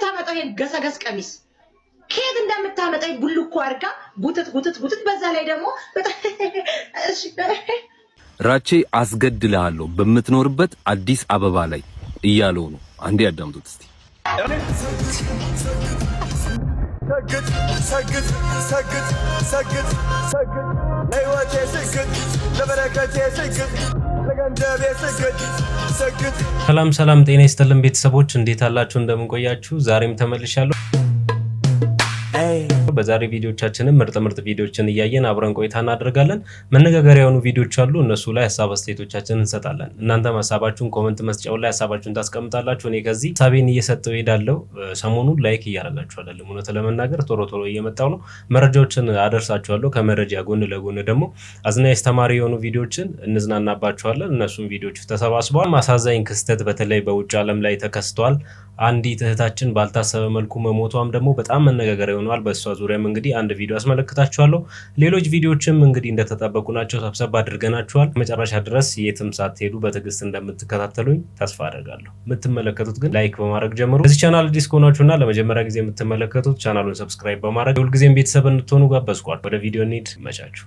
እንደምታመጣው ይሄን ገሰገስ ቀሚስ ከየት እንደምታመጣ ቡልኮ አድርጋ ቡትት ቡትት ቡትት። በዛ ላይ ደግሞ ራቼ አስገድልሃለሁ በምትኖርበት አዲስ አበባ ላይ እያለው ነው። አንዴ ያዳምጡት እስቲ። ሰግጥ ሰግጥ ሰግጥ ሰግጥ ለሕይወቴ ስግድ፣ ለበረከቴ ስግድ። ሰላም ሰላም፣ ጤና ይስጥልን ቤተሰቦች፣ እንዴት አላችሁ? እንደምንቆያችሁ ዛሬም ተመልሻለሁ። በዛሬ ቪዲዮቻችንም ምርጥ ምርጥ ቪዲዮችን እያየን አብረን ቆይታ እናደርጋለን። መነጋገሪያ የሆኑ ቪዲዮች አሉ። እነሱ ላይ ሀሳብ አስተያየቶቻችን እንሰጣለን። እናንተም ሀሳባችሁን ኮመንት መስጫው ላይ ሀሳባችሁን ታስቀምጣላችሁ። እኔ ከዚህ ሀሳቤን እየሰጠው ሄዳለው። ሰሞኑን ላይክ እያደረጋችኋለን፣ አይደለም። እውነት ለመናገር ቶሎ ቶሎ እየመጣው ነው። መረጃዎችን አደርሳችኋለሁ። ከመረጃ ጎን ለጎን ደግሞ አዝናኝ አስተማሪ የሆኑ ቪዲዮችን እንዝናናባችኋለን። እነሱም ቪዲዮች ተሰባስበዋል። አሳዛኝ ክስተት በተለይ በውጭ ዓለም ላይ ተከስተዋል። አንዲት እህታችን ባልታሰበ መልኩ መሞቷም ደግሞ በጣም መነጋገሪያ ይሆነዋል በእሷ ዙሪያም እንግዲህ አንድ ቪዲዮ አስመለክታችኋለሁ። ሌሎች ቪዲዮዎችም እንግዲህ እንደተጠበቁ ናቸው፣ ሰብሰብ አድርገናችኋል። መጨረሻ ድረስ የትም ሳትሄዱ በትዕግስት እንደምትከታተሉኝ ተስፋ አደርጋለሁ። የምትመለከቱት ግን ላይክ በማድረግ ጀምሩ። እዚህ ቻናል አዲስ ከሆናችሁና ለመጀመሪያ ጊዜ የምትመለከቱት ቻናሉን ሰብስክራይብ በማድረግ የሁልጊዜም ቤተሰብ እንድትሆኑ ጋበዝኳል። ወደ ቪዲዮ እንሂድ። ይመቻችሁ።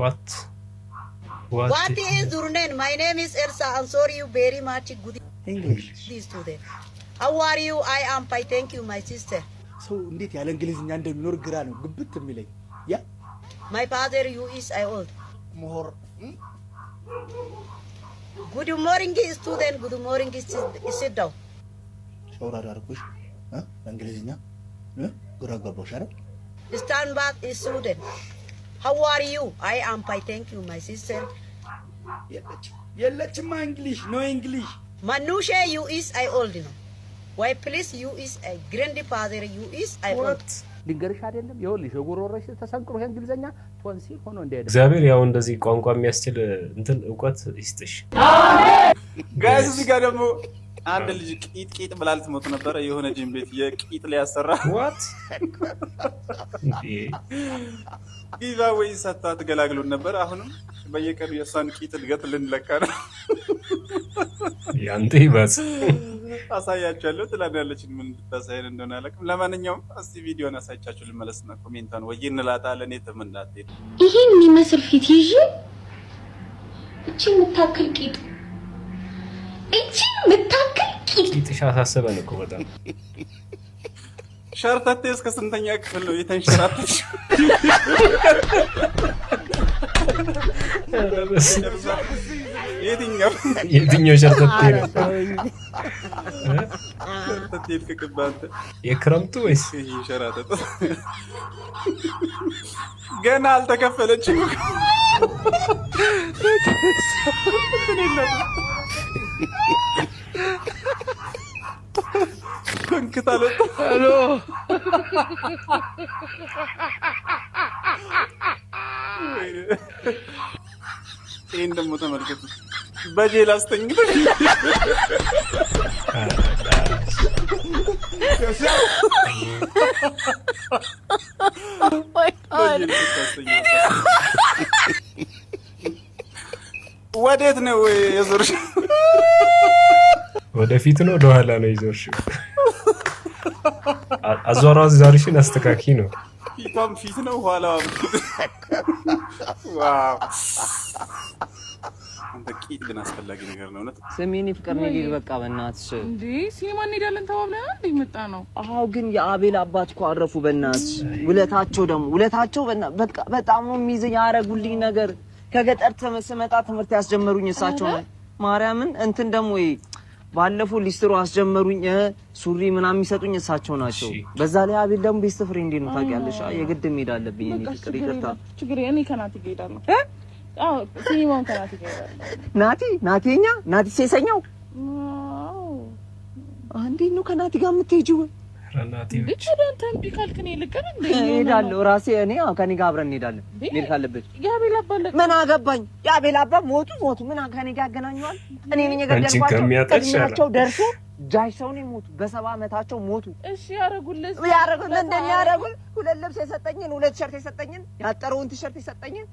ዋት What is your name? My name is Elsa. I'm sorry you very much. Good English. This today. How are you? I am fine. Thank you, my sister. ሰው እንዴት ያለ እንግሊዝኛ እንደሚኖር ግራ ነው ግብት የሚለኝ። ያ ማይ ፋዘር ዩ ኢስ አይ ኦልድ ሞር ጉድ ሞርኒንግ ስቱደንት ጉድ ሞርኒንግ ሲዳው ሸውራዳ አርኩሽ በእንግሊዝኛ ግራ ገባሽ አይደል? ስታንባት ስቱደንት ሀው አር ዩ አይ አም ፋይን ቴንክ ዩ ማይ ሲስተር የለችማ። እንግሊሽ ኖ እንግሊሽ ማኑሼ ዩ ኢስ አይ ኦልድ ነው ዋይ ፕሊስ ዩ ኢስ አይ ግሬንድ ፋዘር ዩ ኢስ አይ ኦልድ ልንገርሽ አይደለም ይኸውልሽ የጉሮሮሽ ተሰንቅሮ እንግሊዘኛ ቶንሲል ሆኖ እንዳይደለም እግዚአብሔር ያው እንደዚህ ቋንቋ የሚያስችል እንትን እውቀት ይስጥሽ። ጋይስ እዚህ ጋር ደግሞ አንድ ልጅ ቂጥ ቂጥ ብላ ልትሞት ነበረ። የሆነ ጅን ቤት የቂጥ ሊያሰራ ጊዛ ወይ ሰታ ትገላግሉን ነበር። አሁንም በየቀኑ የእሷን ቂጥ እድገት ልንለካ ነው። ያንተ ይበስ አሳያችኋለሁ ትላለች። ምን ብታሳይን እንደሆነ አላውቅም። ለማንኛውም እስቲ ቪዲዮን አሳይቻችሁ ልመለስና ኮሜንቷን ወይ እንላታለን። የትም እንዳትሄድ ይሄን የሚመስል ፊት ይዤ እቺ የምታክል ቂጥ እችን የምታክል ቂጥሻ አሳሰበን እኮ በጣም ሸርተቴ እስከ ስንተኛ ክፍል ነው የተንሸራተች? የትኛው ሸርተቴ ነው? የክረምቱ ወይስ ሸራተት? ገና አልተከፈለችም። Ang Ano? Yeniden motam hareketi. Bence elastan gibi. Yaşa. oh my god. Bence elastan gibi. ወዴት ነው የዞርሽ? ወደፊት ነው ወደኋላ ነው የዞርሽ? አዟሯ ዛርሽን አስተካኪ ነው። ፊቷም ፊት ነው ኋላ በቂት ግን አስፈላጊ ነገር ነው። እውነት ስሜን ፍቅር ነው። በቃ በእናትሽ እንዴ ሲኒማን እንሄዳለን ተባብለናል። እንደ መጣ ነው። አዎ ግን የአቤል አባት እኮ አረፉ። በእናትሽ ውለታቸው ደግሞ ውለታቸው በቃ በጣም ነው የሚይዘኝ ያረጉልኝ ነገር ከገጠር ስመጣ ትምህርት ያስጀመሩኝ እሳቸው ነው። ማርያምን እንትን ደግሞ ባለፈው ሊስትሮ አስጀመሩኝ። ሱሪ ምናምን የሚሰጡኝ እሳቸው ናቸው። በዛ ላይ አቤል ደግሞ ቤስት ፍሬንዴ ነው። ታውቂያለሽ፣ የግድ መሄድ አለብኝ። እኔ ፍቅር ይቅርታ፣ ችግር እኔ ከናቲ እሄዳለሁ። ናቲ ናቲ የኛ ናቲ ሴሰኛው አንዴ ነው ከናቲ ጋር የምትሄጂው እሄዳለሁ ራሴ እኔ ከኔ ጋር አብረን እንሄዳለን። መሄድ ካለበት ምን አገባኝ? የአቤል አባ ሞቱ ሞቱ ምን ከኔ ጋር ያገናኘዋል? እኔ ነኝ የገደልኳቸው። ደርሶ ጃጅ ሰው ነው ሞቱ። በሰባ ዓመታቸው ሞቱ። እሺ ያረጉልህ ያረጉልህ እንደሚያረጉል ሁለት ልብስ የሰጠኝን ሁለት ሸርት የሰጠኝን ያጠረውን ቲሸርት የሰጠኝን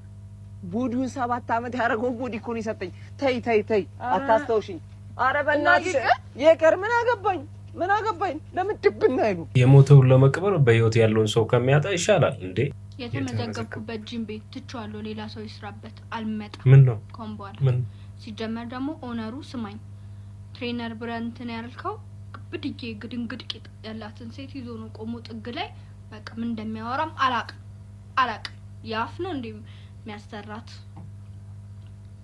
ቦዲውን ሰባት ዓመት ያደረገውን ቦዲ እኮ ነው የሰጠኝ። ተይ ተይ ተይ፣ አታስተውሽኝ። አረ በእናትሽ ይቅር። ምን አገባኝ ምን አገባኝ? ለምን ድብና አይሉ የሞተውን ለመቅበር በህይወት ያለውን ሰው ከሚያጣ ይሻላል እንዴ። የተመዘገብኩበት ጅም ቤት ትቼዋለሁ። ሌላ ሰው ይስራበት። አልመጣም። ምን ነው ከሆን በኋላ ሲጀመር ደግሞ ኦነሩ ስማኝ፣ ትሬነር ብረንትን ያልከው ብድጌ ግድንግድ ያላትን ሴት ይዞ ነው ቆሞ ጥግ ላይ በቃ ምን እንደሚያወራም አላቅ አላቅ። የአፍ ነው እንዲ የሚያሰራት?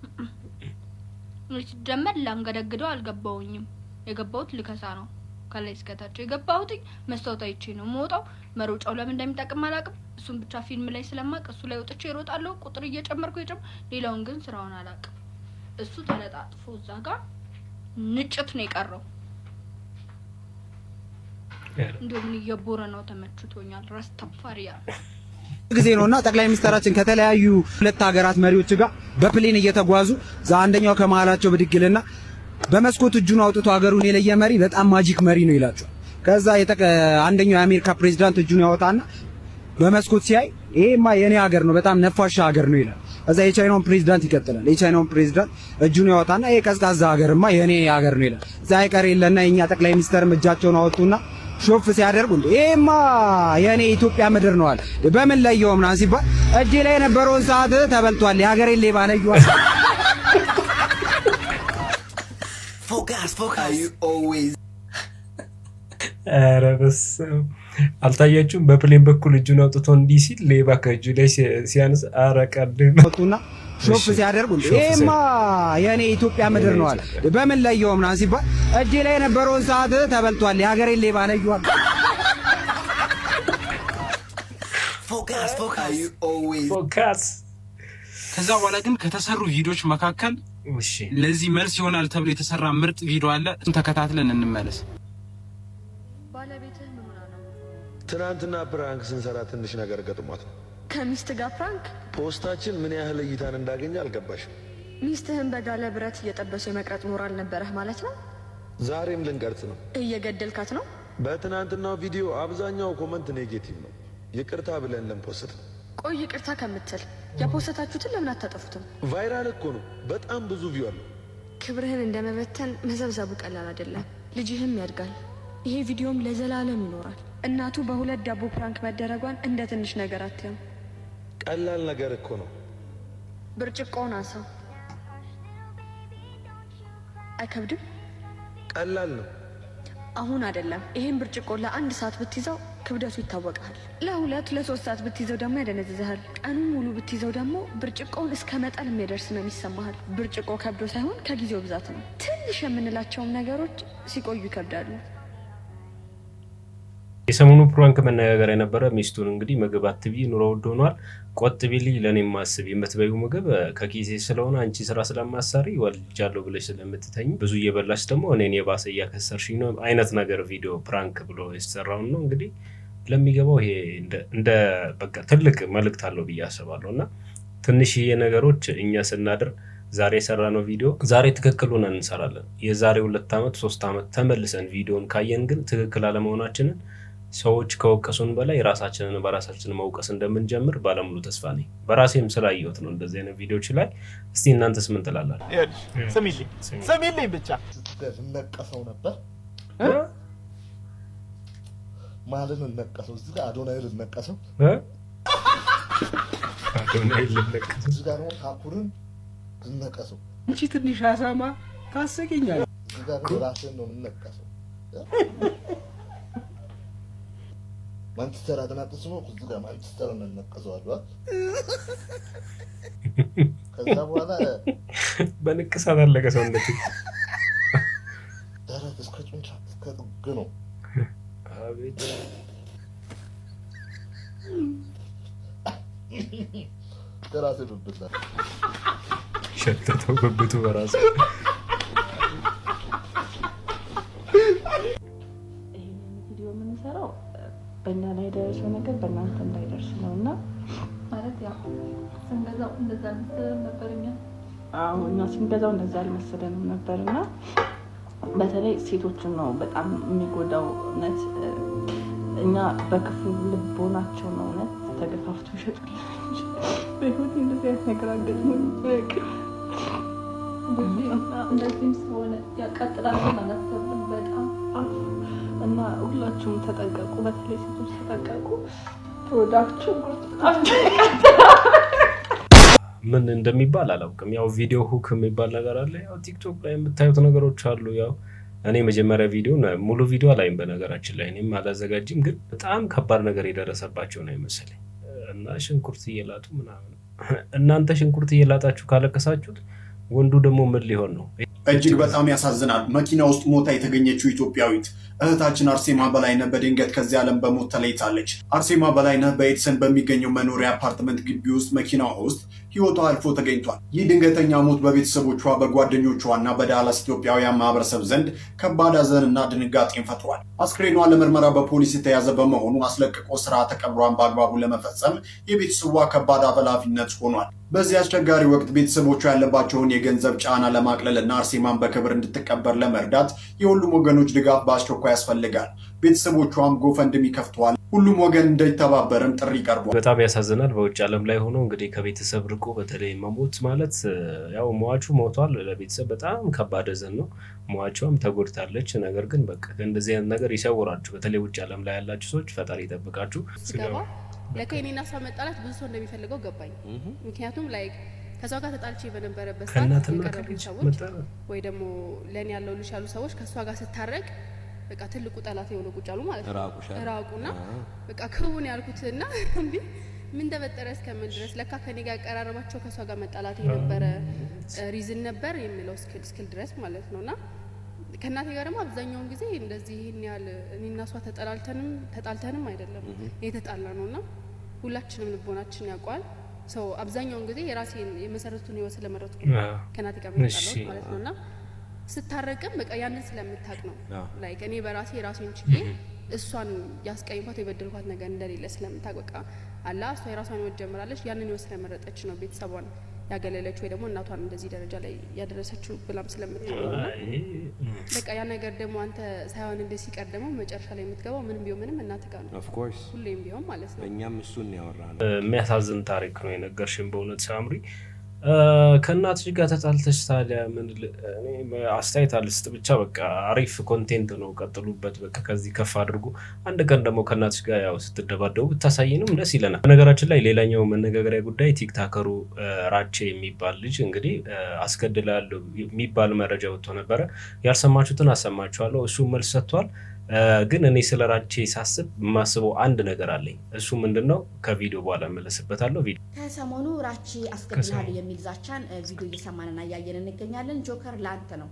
ሲጀመር ላንገደግደው አልገባውኝም። የገባውት ልከሳ ነው። ከላይ እስከታቸው የገባሁት መስታወት አይቼ ነው የምወጣው። መሮጫው ለምን እንደሚጠቅም አላቅም። እሱን ብቻ ፊልም ላይ ስለማቅ እሱ ላይ ወጥቼ እሮጣለሁ፣ ቁጥር እየጨመርኩ የጨም ሌላውን ግን ስራውን አላውቅም። እሱ ተለጣጥፎ እዛ ጋር ንጭት ነው የቀረው። እንደምን እየቦረ ነው ተመችቶኛል። ረስተፋሪያ ጊዜ ነው እና ጠቅላይ ሚኒስትራችን ከተለያዩ ሁለት ሀገራት መሪዎች ጋር በፕሌን እየተጓዙ አንደኛው ከመሀላቸው ብድግልና በመስኮት እጁን አውጥቶ ሀገሩን የለየ መሪ በጣም ማጂክ መሪ ነው ይላቸዋል። ከዛ አንደኛው የአሜሪካ ፕሬዚዳንት እጁን ያወጣና በመስኮት ሲያይ ይሄማ የኔ ሀገር ነው በጣም ነፋሻ ሀገር ነው ይላል። ከዛ የቻይናውን ፕሬዚዳንት ይቀጥላል። የቻይናውን ፕሬዚዳንት እጁን ያወጣና ይሄ ቀዝቃዛ ሀገርማ የኔ ሀገር ነው ይላል። እዛ አይቀር የለና የኛ ጠቅላይ ሚኒስተርም እጃቸውን አወጡና ሾፍ ሲያደርጉ እንዴ ይሄማ የኔ ኢትዮጵያ ምድር ነው አለ። በምን ላይ ምናምን ሲባል እጄ ላይ የነበረውን ሰዓት ተበልቷል፣ የሀገሬን ሌባ ነየዋል አስፎካስ ኧረ በስመ አብ አልታያችሁም? በፕሌን በኩል እጁን አውጥቶ እንዲህ ሲል ሌባ ከእጁ ላይ ሲያነስ ኧረ ቀልድ ሾፍ ሲያደርጉ ይሄማ የእኔ ኢትዮጵያ ምድር ነው አለ። በምን ለየው ምናምን ሲባል እጄ ላይ የነበረውን ሰዓት ተበልቷል፣ የሀገሬን ሌባ ለየዋል። ፎካስ ከዛ በኋላ ግን ከተሰሩ ሂዶች መካከል ለዚህ መልስ ይሆናል ተብሎ የተሰራ ምርጥ ቪዲዮ አለ። እሱን ተከታትለን እንመለስ። ትናንትና ፕራንክ ስንሰራ ትንሽ ነገር ገጥሟት ነው። ከሚስት ጋር ፕራንክ ፖስታችን ምን ያህል እይታን እንዳገኘ አልገባሽም። ሚስትህን በጋለ ብረት እየጠበሰ የመቅረጥ ሞራል ነበረህ ማለት ነው። ዛሬም ልንቀርጽ ነው። እየገደልካት ነው። በትናንትናው ቪዲዮ አብዛኛው ኮመንት ኔጌቲቭ ነው። ይቅርታ ብለን ልንፖስት ነው ቆይ ይቅርታ ከምትል ያፖሰታችሁትን ለምን አታጠፉትም? ቫይራል እኮ ነው፣ በጣም ብዙ ቪው አለ። ክብርህን እንደመበተን መዘብዘቡ ቀላል አይደለም። ልጅህም ያድጋል። ይሄ ቪዲዮም ለዘላለም ይኖራል። እናቱ በሁለት ዳቦ ፕራንክ መደረጓን እንደ ትንሽ ነገር አትየም። ቀላል ነገር እኮ ነው። ብርጭቆውን አንሳው። አይከብድም። ቀላል ነው። አሁን አይደለም። ይሄን ብርጭቆ ለአንድ ሰዓት ብትይዘው ክብደቱ ይታወቃል። ለሁለት ለሶስት ሰዓት ብትይዘው ደግሞ ያደነዝዝሃል። ቀኑን ሙሉ ብትይዘው ደግሞ ብርጭቆውን እስከ መጠን የሚደርስ ነው የሚሰማሃል። ብርጭቆ ከብዶ ሳይሆን ከጊዜው ብዛት ነው። ትንሽ የምንላቸውም ነገሮች ሲቆዩ ይከብዳሉ። የሰሞኑ ፕራንክ መነጋገር የነበረ ሚስቱን እንግዲህ ምግብ አትቢ ኑሮ ውድ ሆኗል፣ ቆጥቢልኝ፣ ለእኔ ማስብ የምትበዩ ምግብ ከጊዜ ስለሆነ አንቺ ስራ ስለማሰሪ ወልጃለሁ ብለሽ ስለምትተኝ ብዙ እየበላች ደግሞ እኔን የባሰ እያከሰርሽ ነው አይነት ነገር ቪዲዮ ፕራንክ ብሎ የተሰራውን ነው እንግዲህ ለሚገባው ይሄ እንደ በቃ ትልቅ መልእክት አለው ብዬ አስባለሁ። እና ትንሽዬ ነገሮች እኛ ስናድር ዛሬ የሰራነው ቪዲዮ ዛሬ ትክክሉን እንሰራለን። የዛሬ ሁለት ዓመት ሶስት ዓመት ተመልሰን ቪዲዮን ካየን ግን ትክክል አለመሆናችንን ሰዎች ከወቀሱን በላይ ራሳችንን በራሳችን መውቀስ እንደምንጀምር ባለሙሉ ተስፋ ነኝ። በራሴም ስላየሁት ነው እንደዚህ አይነት ቪዲዮዎች ላይ። እስቲ እናንተስ ምን ትላላችሁ? ስሚልኝ ብቻ ነቀሰው ነበር እዚህ ጋር አዶናይ ልነቀሰው አዶናይ ልነቀሰው እዚህ ጋር ደግሞ ታኩርን ልነቀሰው ትንሽ አሳማ ታሰገኛል እዚህ ጋር ራሴን ነው ማንቸስተር አድናቂስ ነው። እዚህ ጋር ማንቸስተር እንነቀሰው አሉ። ከዛ በኋላ በንቅሳት አለቀ ሰውነት ደረት እስከ ጭንጫ እስከ ጥግ ነው። ከራሴ ብብት ሸተተው ብብቱ በራሴ በእኛ ላይ ደረሰው ነገር በእናንተ እንዳይደርስ ነው እና ማለት ያው ስንገዛው እንደዛ አልመሰለንም ነበር እኛ። አዎ እኛ ስንገዛው እንደዛ አልመሰለንም ነበር እና በተለይ ሴቶችን ነው በጣም የሚጎዳው። እውነት እኛ በክፉ ልቦናቸው ነው እውነት ተገፋፍቶ ይሸጡልናል። በህይወት እንደዚህ አይነት ነገር አጋጥሞኝ እንደዚህም ስለሆነ ያቃጥላል ማለት በጣም እና ሁላችሁም ተጠንቀቁ። በተለይ ሴቶች ተጠንቀቁ። ምን እንደሚባል አላውቅም። ያው ቪዲዮ ሁክ የሚባል ነገር አለ። ያው ቲክቶክ ላይ የምታዩት ነገሮች አሉ። ያው እኔ መጀመሪያ ቪዲዮ ሙሉ ቪዲዮ ላይም በነገራችን ላይ እኔም አላዘጋጅም፣ ግን በጣም ከባድ ነገር የደረሰባቸው ነው ይመስለኝ እና ሽንኩርት እየላጡ ምናምን እናንተ ሽንኩርት እየላጣችሁ ካለቀሳችሁት ወንዱ ደግሞ ምን ሊሆን ነው? እጅግ በጣም ያሳዝናል። መኪና ውስጥ ሞታ የተገኘችው ኢትዮጵያዊት እህታችን አርሴማ በላይነህ በድንገት ከዚህ ዓለም በሞት ተለይታለች። አርሴማ በላይነህ በኤድሰን በሚገኘው መኖሪያ አፓርትመንት ግቢ ውስጥ መኪና ውስጥ ህይወቷ አልፎ ተገኝቷል። ይህ ድንገተኛ ሞት በቤተሰቦቿ በጓደኞቿና በዳላስ ኢትዮጵያውያን ማህበረሰብ ዘንድ ከባድ ሀዘንና ድንጋጤን ፈጥሯል። አስክሬኗ ለምርመራ በፖሊስ የተያዘ በመሆኑ አስለቅቆ ስርዓተ ቀብሯን በአግባቡ ለመፈጸም የቤተሰቧ ከባድ ኃላፊነት ሆኗል። በዚህ አስቸጋሪ ወቅት ቤተሰቦቿ ያለባቸውን የገንዘብ ጫና ለማቅለልና አርሴማን በክብር እንድትቀበር ለመርዳት የሁሉም ወገኖች ድጋፍ በአስቸኳይ ያስፈልጋል። ቤተሰቦቿም ጎፈንድሚ ከፍተዋል። ሁሉም ወገን እንዳይተባበርም ጥሪ ቀርቧል። በጣም ያሳዝናል። በውጭ ዓለም ላይ ሆኖ እንግዲህ ከቤተሰብ ርቆ በተለይ መሞት ማለት ያው መዋቹ ሞቷል፣ ለቤተሰብ በጣም ከባድ ዘን ነው። ሟቿም ተጎድታለች። ነገር ግን በቃ እንደዚህ አይነት ነገር ይሰውራችሁ። በተለይ ውጭ ዓለም ላይ ያላችሁ ሰዎች ፈጣሪ ይጠብቃችሁ። ለካ የኔና እሷ መጣላት ብዙ ሰው እንደሚፈልገው ገባኝ። ምክንያቱም ላይክ ከሷ ጋር ተጣልቼ በነበረበት ሰዓት የቀረቡ ሰዎች ወይ ደግሞ ለእኔ ያለው ልሽ ያሉ ሰዎች ከእሷ ጋር ስታረቅ በቃ ትልቁ ጠላት የሆነ ቁጭ አሉ ማለት ነው። ራቁና በቃ ክቡን ያልኩት እና እንዴ ምን ተፈጠረ እስከምን ድረስ ለካ ከኔ ጋር ያቀራረባቸው ከሷ ጋር መጣላት የነበረ ሪዝን ነበር የሚለው ስክል ስክል ድረስ ማለት ነውና ከእናቴ ጋር ደግሞ አብዛኛውን ጊዜ እንደዚህ ይህን ያህል እኔና ሷ ተጠላልተንም ተጣልተንም አይደለም የተጣላ ነውና ሁላችንም ልቦናችን ያውቋል። ሰው አብዛኛውን ጊዜ የራሴን የመሰረቱን ህይወት ስለመረጥኩ ከእናቴ ጋር መጣላት ማለት ነውና ስታረቅም በቃ ያንን ስለምታቅ ነው። ላይክ እኔ በራሴ የራሴን ችዬ እሷን ያስቀይኳት የበደልኳት ነገር እንደሌለ ስለምታቅ በቃ አላ እሷ የራሷን ህይወት ጀምራለች። ያንን ህይወት ስለመረጠች ነው ቤተሰቧን ያገለለች ወይ ደግሞ እናቷን እንደዚህ ደረጃ ላይ ያደረሰችው ብላም ስለምታቅ በቃ ያ ነገር ደግሞ አንተ ሳይሆን እንደ ሲቀር ደግሞ መጨረሻ ላይ የምትገባው ምንም ቢሆን ምንም እናት ጋር ነው። ኦፍኮርስ ሁሌም ቢሆን ማለት ነው። እኛም እሱን ያወራ ነው። የሚያሳዝን ታሪክ ነው የነገርሽን በእውነት ሳምሪ ከእናትሽ ጋር ተጣልተሽ ታዲያ ምን? አስተያየት አልስጥ ብቻ በቃ አሪፍ ኮንቴንት ነው፣ ቀጥሉበት። በቃ ከዚህ ከፍ አድርጉ። አንድ ቀን ደግሞ ከእናትሽ ጋር ያው ስትደባደቡ ብታሳይንም ደስ ይለናል። በነገራችን ላይ ሌላኛው መነጋገሪያ ጉዳይ ቲክታከሩ ራቼ የሚባል ልጅ እንግዲህ አስገድላለሁ የሚባል መረጃ ወጥቶ ነበረ። ያልሰማችሁትን አሰማችኋለሁ። እሱ መልስ ሰጥቷል። ግን እኔ ስለ ራቼ ሳስብ የማስበው አንድ ነገር አለኝ። እሱ ምንድን ነው? ከቪዲዮ በኋላ እመለስበታለሁ። ቪዲዮ ከሰሞኑ ራቼ አስገድልሃለሁ የሚል ዛቻን ቪዲዮ እየሰማንና እያየን እንገኛለን። ጆከር ለአንተ ነው።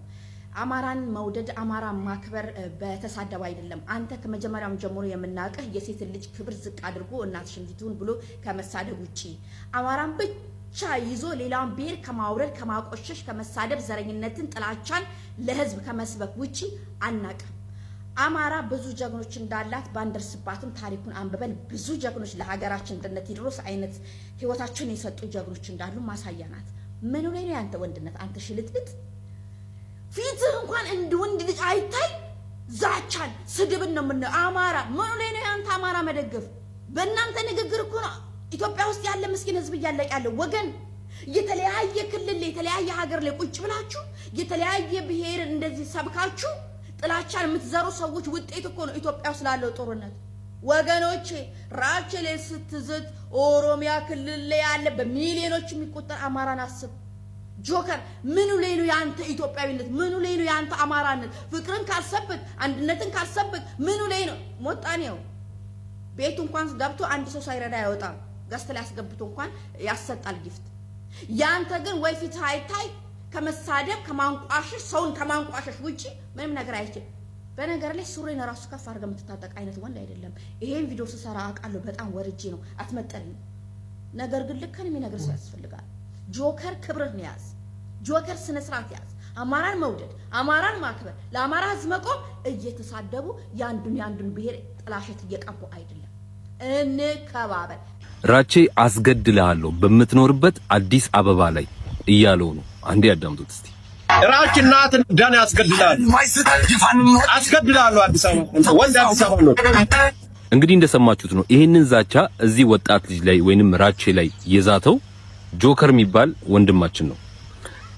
አማራን መውደድ አማራ ማክበር በተሳደብ አይደለም። አንተ ከመጀመሪያውም ጀምሮ የምናውቅህ የሴት ልጅ ክብር ዝቅ አድርጎ እናትሽን ፊቱን ብሎ ከመሳደብ ውጪ አማራን ብቻ ይዞ ሌላውን ብሔር ከማውረድ ከማቆሸሽ፣ ከመሳደብ፣ ዘረኝነትን፣ ጥላቻን ለህዝብ ከመስበክ ውጪ አናቀም አማራ ብዙ ጀግኖች እንዳላት ባንደርስባትም ታሪኩን አንብበን ብዙ ጀግኖች ለሀገራችን እንድነት ይድሮስ አይነት ህይወታቸውን የሰጡ ጀግኖች እንዳሉ ማሳያ ናት። ምኑ ላይ ነው ያንተ ወንድነት? አንተ ሽልጥልጥ ፊትህ እንኳን እንድ ወንድ ልጅ አይታይ። ዛቻን፣ ስድብን ነው የምናየው። አማራ ምኑ ላይ ነው ያንተ አማራ መደገፍ? በእናንተ ንግግር እኮ ነው ኢትዮጵያ ውስጥ ያለ ምስኪን ህዝብ እያለቅ ያለ ወገን የተለያየ ክልል የተለያየ ሀገር ላይ ቁጭ ብላችሁ የተለያየ ብሔር እንደዚህ ሰብካችሁ ጥላቻን የምትዘሩ ሰዎች ውጤት እኮ ነው ኢትዮጵያ ውስጥ ላለው ጦርነት። ወገኖቼ ራቼ ስትዝት ኦሮሚያ ክልል ላይ ያለ በሚሊዮኖች የሚቆጠር አማራን አስብ። ጆከር ምኑ ላይ ነው ያንተ ኢትዮጵያዊነት? ምኑ ላይ ነው ያንተ አማራነት? ፍቅርን ካልሰበክ አንድነትን ካልሰበክ ምኑ ላይ ነው? ሞጣኔው ቤቱ እንኳን ገብቶ አንድ ሰው ሳይረዳ አይወጣም። ገዝት ላይ እንኳን ያሰጣል ጊፍት። ያንተ ግን ወይ ፊት አይታይ ከመሳደብ ከማንቋሸሽ ሰውን ከማንቋሸሽ ውጪ ምንም ነገር አይችልም። በነገር ላይ ሱሪን ራሱ ከፍ አድርገ የምትታጠቅ አይነት ወንድ አይደለም። ይሄን ቪዲዮ ስሰራ አውቃለሁ። በጣም ወርጄ ነው አትመጠኝ። ነገር ግን ልክ ነው የሚነግር ሰው ያስፈልጋል። ጆከር ክብርህን ያዝ። ጆከር ስነ ስርዓት ያዝ። አማራን መውደድ፣ አማራን ማክበር፣ ለአማራ ህዝብ መቆም እየተሳደቡ የአንዱን የአንዱን ብሔር ጥላሸት እየቀቡ አይደለም። እንከባበል። ራቼ አስገድልሃለሁ በምትኖርበት አዲስ አበባ ላይ እያለው ነው። አንዴ ያዳምጡት እስቲ። ራች እናት ዳን ያስገድላል አስገድላሉ። አዲስ አበባ ወንድ አዲስ አበባ ነው። እንግዲህ እንደሰማችሁት ነው። ይህንን ዛቻ እዚህ ወጣት ልጅ ላይ ወይንም ራቼ ላይ የዛተው ጆከር የሚባል ወንድማችን ነው።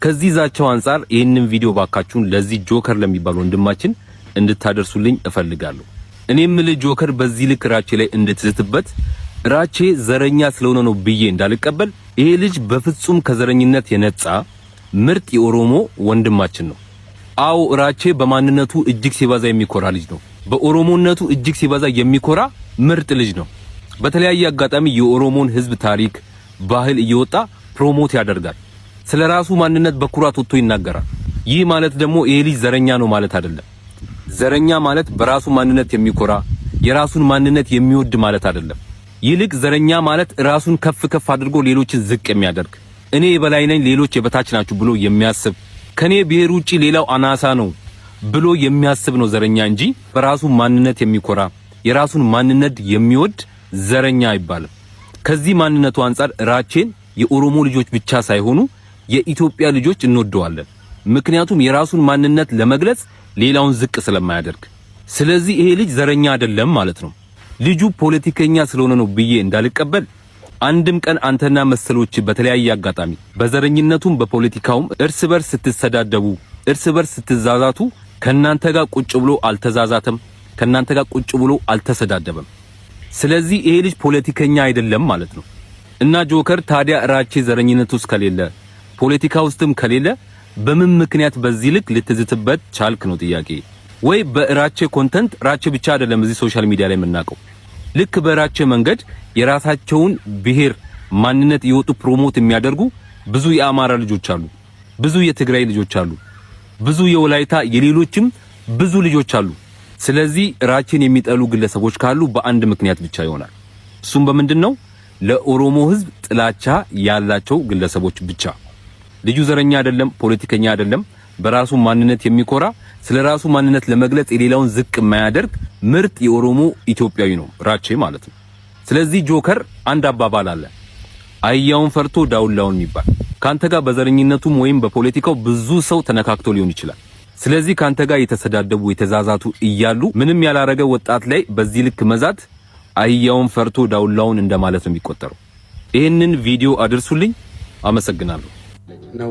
ከዚህ ዛቻው አንጻር ይህንን ቪዲዮ ባካችሁን ለዚህ ጆከር ለሚባል ወንድማችን እንድታደርሱልኝ እፈልጋለሁ። እኔም ልጅ ጆከር በዚህ ልክ ራቼ ላይ እንድትዝትበት ራቼ ዘረኛ ስለሆነ ነው ብዬ እንዳልቀበል ይሄ ልጅ በፍጹም ከዘረኝነት የነጻ ምርጥ የኦሮሞ ወንድማችን ነው። አዎ እራቼ በማንነቱ እጅግ ሲበዛ የሚኮራ ልጅ ነው። በኦሮሞነቱ እጅግ ሲበዛ የሚኮራ ምርጥ ልጅ ነው። በተለያየ አጋጣሚ የኦሮሞን ሕዝብ ታሪክ፣ ባህል እየወጣ ፕሮሞት ያደርጋል። ስለ ራሱ ማንነት በኩራት ወጥቶ ይናገራል። ይህ ማለት ደግሞ ይሄ ልጅ ዘረኛ ነው ማለት አይደለም። ዘረኛ ማለት በራሱ ማንነት የሚኮራ የራሱን ማንነት የሚወድ ማለት አይደለም። ይልቅ ዘረኛ ማለት ራሱን ከፍ ከፍ አድርጎ ሌሎችን ዝቅ የሚያደርግ እኔ የበላይ ነኝ፣ ሌሎች የበታች ናችሁ ብሎ የሚያስብ ከኔ ብሔር ውጪ ሌላው አናሳ ነው ብሎ የሚያስብ ነው ዘረኛ እንጂ በራሱ ማንነት የሚኮራ የራሱን ማንነት የሚወድ ዘረኛ አይባልም። ከዚህ ማንነቱ አንጻር ራቼን የኦሮሞ ልጆች ብቻ ሳይሆኑ የኢትዮጵያ ልጆች እንወደዋለን። ምክንያቱም የራሱን ማንነት ለመግለጽ ሌላውን ዝቅ ስለማያደርግ። ስለዚህ ይሄ ልጅ ዘረኛ አይደለም ማለት ነው። ልጁ ፖለቲከኛ ስለሆነ ነው ብዬ እንዳልቀበል አንድም ቀን አንተና መሰሎች በተለያየ አጋጣሚ በዘረኝነቱም በፖለቲካውም እርስ በርስ ስትሰዳደቡ፣ እርስ በርስ ስትዛዛቱ ከናንተ ጋር ቁጭ ብሎ አልተዛዛተም፣ ከናንተ ጋር ቁጭ ብሎ አልተሰዳደበም። ስለዚህ ይሄ ልጅ ፖለቲከኛ አይደለም ማለት ነው። እና ጆከር ታዲያ ራቼ ዘረኝነት ውስጥ ከሌለ ፖለቲካ ውስጥም ከሌለ በምን ምክንያት በዚህ ልክ ልትዝትበት ቻልክ ነው ጥያቄ። ወይ በራቼ ኮንተንት ራቼ ብቻ አይደለም እዚህ ሶሻል ሚዲያ ላይ የምናውቀው ልክ በራቼ መንገድ የራሳቸውን ብሔር ማንነት የወጡ ፕሮሞት የሚያደርጉ ብዙ የአማራ ልጆች አሉ፣ ብዙ የትግራይ ልጆች አሉ፣ ብዙ የወላይታ የሌሎችም ብዙ ልጆች አሉ። ስለዚህ ራቼን የሚጠሉ ግለሰቦች ካሉ በአንድ ምክንያት ብቻ ይሆናል። እሱም በምንድን ነው? ለኦሮሞ ህዝብ ጥላቻ ያላቸው ግለሰቦች ብቻ። ልጁ ዘረኛ አይደለም፣ ፖለቲከኛ አይደለም፣ በራሱ ማንነት የሚኮራ ስለ ራሱ ማንነት ለመግለጽ የሌላውን ዝቅ የማያደርግ ምርጥ የኦሮሞ ኢትዮጵያዊ ነው ራቼ ማለት ነው። ስለዚህ ጆከር አንድ አባባል አለ፣ አህያውን ፈርቶ ዳውላውን የሚባል ካንተ ጋር በዘረኝነቱም ወይም በፖለቲካው ብዙ ሰው ተነካክቶ ሊሆን ይችላል። ስለዚህ ካንተ ጋር የተሰዳደቡ የተዛዛቱ እያሉ ምንም ያላረገ ወጣት ላይ በዚህ ልክ መዛት አህያውን ፈርቶ ዳውላውን እንደማለት ነው የሚቆጠረው። ይህንን ቪዲዮ አድርሱልኝ። አመሰግናለሁ ነው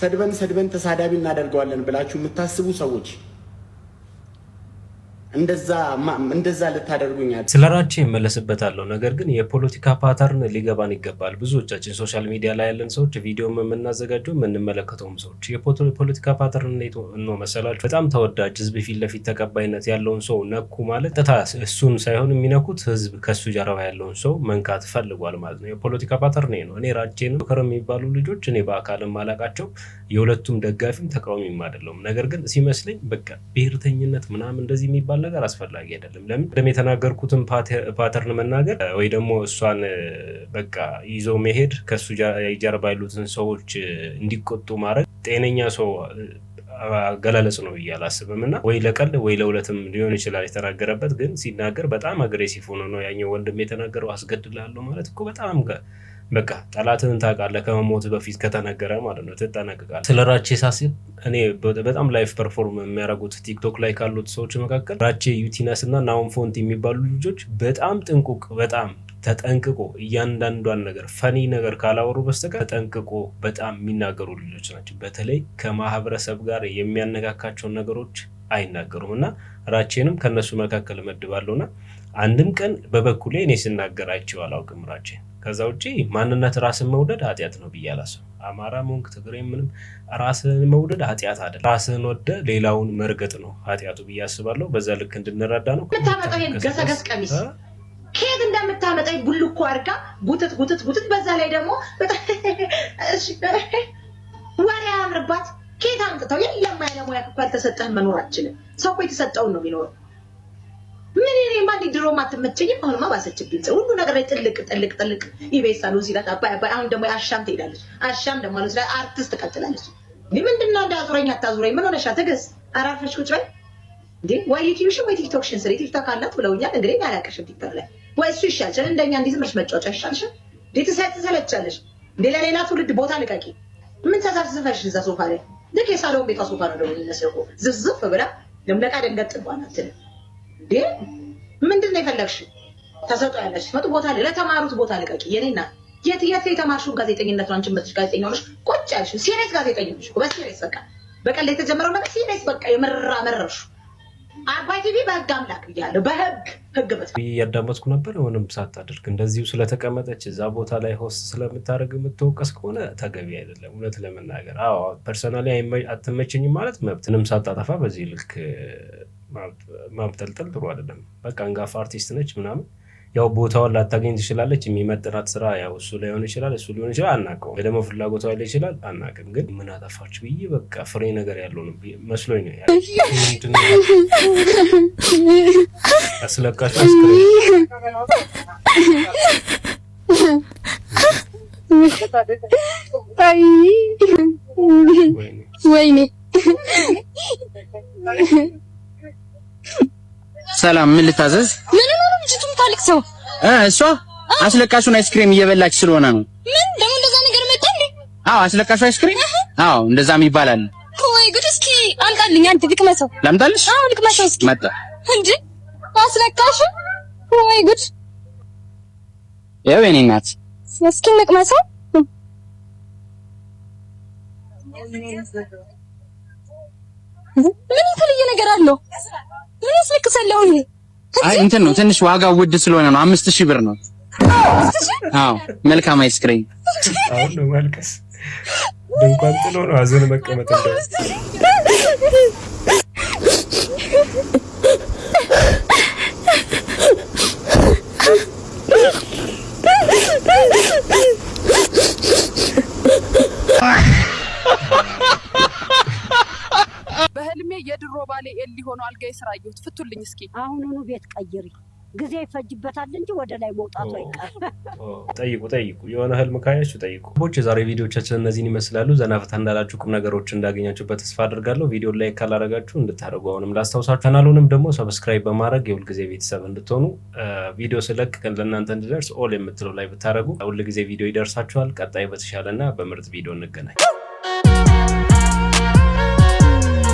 ሰድበን ሰድበን ተሳዳቢ እናደርገዋለን ብላችሁ የምታስቡ ሰዎች እንደዛ ልታደርጉኛል። ስለ ራቼ ይመለስበታለሁ። ነገር ግን የፖለቲካ ፓተርን ሊገባን ይገባል። ብዙዎቻችን ሶሻል ሚዲያ ላይ ያለን ሰዎች ቪዲዮም የምናዘጋጀው የምንመለከተውም ሰዎች የፖለቲካ ፓተርን ነው መሰላችሁ። በጣም ተወዳጅ ህዝብ ፊት ለፊት ተቀባይነት ያለውን ሰው ነኩ ማለት ጥታ እሱን ሳይሆን የሚነኩት ህዝብ ከሱ ጀርባ ያለውን ሰው መንካት ፈልጓል ማለት ነው። የፖለቲካ ፓተርን ነው። እኔ ራቼን ከር የሚባሉ ልጆች እኔ በአካልም አላቃቸው፣ የሁለቱም ደጋፊም ተቃዋሚም አይደለሁም። ነገር ግን ሲመስለኝ በቃ ብሔርተኝነት ምናምን እንደዚህ የሚባል የሚባል ነገር አስፈላጊ አይደለም። ለምን ቅድም የተናገርኩትን ፓተርን መናገር ወይ ደግሞ እሷን በቃ ይዞ መሄድ ከሱ ጀርባ ያሉትን ሰዎች እንዲቆጡ ማድረግ ጤነኛ ሰው አገላለጽ ነው ብዬ አላስብም። እና ወይ ለቀልድ ወይ ለሁለትም ሊሆን ይችላል የተናገረበት፣ ግን ሲናገር በጣም አግሬሲቭ ሆኖ ነው ያኛው ወንድም የተናገረው። አስገድላለሁ ማለት እኮ በጣም በቃ ጠላትህን ታውቃለህ ከመሞት በፊት ከተነገረ ማለት ነው። ትጠነቅቃለህ። ስለ ራቼ ሳስብ እኔ በጣም ላይፍ ፐርፎርም የሚያደርጉት ቲክቶክ ላይ ካሉት ሰዎች መካከል ራቼ ዩቲነስ እና ናውን ፎንት የሚባሉ ልጆች በጣም ጥንቁቅ በጣም ተጠንቅቆ እያንዳንዷን ነገር ፈኒ ነገር ካላወሩ በስተቀር ተጠንቅቆ በጣም የሚናገሩ ልጆች ናቸው። በተለይ ከማህበረሰብ ጋር የሚያነካካቸውን ነገሮች አይናገሩም እና ራቼንም ከእነሱ መካከል መድባለሁና አንድም ቀን በበኩሌ እኔ ስናገር አላውቅም ራቼን ከዛ ውጭ ማንነት ራስን መውደድ ኃጢአት ነው ብዬ አላስብም። አማራ ሞንክ ትግሬ፣ ምንም ራስን መውደድ ኃጢአት አይደለም። ራስን ወደ ሌላውን መርገጥ ነው ኃጢአቱ ብዬ አስባለሁ። በዛ ልክ እንድንረዳ ነው። የምታመጣው ይሄን ገሰገስ ቀሚስ ከየት እንደምታመጣኝ ቡልኮ አድርጋ ቡትት ቡትት ቡትት። በዛ ላይ ደግሞ ወሬ አምርባት። ከየት አምጥተው የለም። አይለሙያ እኮ አልተሰጠህም መኖር አችልም። ሰው እኮ የተሰጠውን ነው የሚኖረው ምን እኔማ እንደ ድሮ አትመቸኝም። አሁንማ ባሰችብኝ። ሁሉ ነገር ላይ ጥልቅ ጥልቅ ጥልቅ ኢቤ ሳሎን ሲላት አባይ አባይ። አሁን ደግሞ አሻም ትሄዳለች። አሻም ደግሞ አለ አርቲስት ትቀጥላለች። ምንድነው እንደ አዙረኝ አታዙረኝ። ምን ሆነሻ? ትግስ አራርፈሽ ቁጭ በይ እንዴ። ወይ ዩቲዩብሽን ወይ ቲክቶክሽን ስሪ። ቲክቶክ አላት ብለውኛል። እንግዲህ ያላቀሽ ቲክቶክ ላይ ወይ እሱ ይሻልሻል። እንደኛ እንዲህ ዝም ብለሽ መጫወጫ ይሻልሻል። እንዴ ትሰለቻለሽ እንዴ። ለሌላ ትውልድ ቦታ ልቀቂ። ምን ተሳስፈሽ እዛ ሶፋ ላይ ልክ የሳሎን ቤቷ ሶፋ ነው ደግሞ የሚመስለው እኮ ብላ ለምለቃ ደንገጥ ባናትልም ምንድን ነው የፈለግሽ? ተሰጦ ያለሽ መጡ ቦታ ለተማሩት ቦታ ልቀቂ። የኔና የት የት የተማርሽው ጋዜጠኝነት ነው? አንቺ በትሽ ጋዜጠኛ ሆነሽ ቁጭ ያልሽ ሲሪየስ ጋዜጠኞች በሲሬት በቃ በቀል የተጀመረው ነገር ሲሬት በቃ የምራ መረርሹ አባይ ቲቪ በህግ አምላክ እያለ በህግ ህግ በት እያዳመጥኩ ነበር። የሆነም ሳታደርግ እንደዚሁ ስለተቀመጠች እዛ ቦታ ላይ ሆስት ስለምታደርግ የምትወቀስ ከሆነ ተገቢ አይደለም። እውነት ለመናገር አዎ፣ ፐርሰናሊ አትመቸኝም ማለት መብትንም ሳታጠፋ በዚህ ልክ ማብጠልጠል ጥሩ አይደለም። በቃ አንጋፋ አርቲስት ነች ምናምን ያው ቦታውን ላታገኝ ትችላለች። የሚመጥናት ስራ ያው እሱ ላይሆን ይችላል፣ እሱ ሊሆን ይችላል፣ አናቀው ወይ ደግሞ ፍላጎቷ ላይ ይችላል፣ አናውቅም። ግን ምን አጠፋች ብዬ በቃ ፍሬ ነገር ያለው ነው መስሎኝ ነው አስለቃሽ አስክሬ ወይኔ ሰላም፣ ምን ልታዘዝ? ምን ነው ልጅቱ የምታለቅሰው? እሷ አስለቃሹን አይስክሪም እየበላች ስለሆነ ነው። ምን ደግሞ እንደዛ ነገር መጣ እንዴ? አዎ፣ አስለቃሹ አይስክሪም። አዎ፣ እንደዛም ይባላል። ወይ ጉድ! እስኪ አምጣልኝ አንተ ልቅመሰው። ላምጣልሽ? አዎ፣ ልቅመሰው እስኪ። መጣ እንጂ አስለቃሹ? ወይ ግድ፣ ያው የኔ እናት እስኪ ልቅመሰው። ምን የተለየ ነገር አለው? አስለቅሳለሁ። አይ እንትን ነው ትንሽ ዋጋው ውድ ስለሆነ ነው። አምስት ሺህ ብር ነው። አዎ መልካም አይስክሬም። አሁን ነው ድንኳን ጥሎ ነው አዘን መቀመጥ አገልጋይ ስራ አየሁት። ፍቱልኝ እስኪ አሁኑኑ ቤት ቀይሪ። ጊዜ ይፈጅበታል እንጂ ወደ ላይ መውጣቱ አይቀርም። ጠይቁ ጠይቁ፣ የሆነ ህልም ካያችሁ ጠይቁ። ቦች የዛሬ ቪዲዮቻችን እነዚህን ይመስላሉ። ዘናፍታ እንዳላችሁ ቁም ነገሮች እንዳገኛችሁበት ተስፋ አድርጋለሁ። ቪዲዮ ላይ ካላረጋችሁ እንድታደርጉ አሁንም ላስታውሳችሁ፣ ቻናሉንም ደግሞ ሰብስክራይብ በማድረግ የሁልጊዜ ቤተሰብ እንድትሆኑ ቪዲዮ ስለቅ ለእናንተ እንድደርስ ኦል የምትለው ላይ ብታደረጉ ሁልጊዜ ቪዲዮ ይደርሳችኋል። ቀጣይ በተሻለና በምርጥ ቪዲዮ እንገናኝ።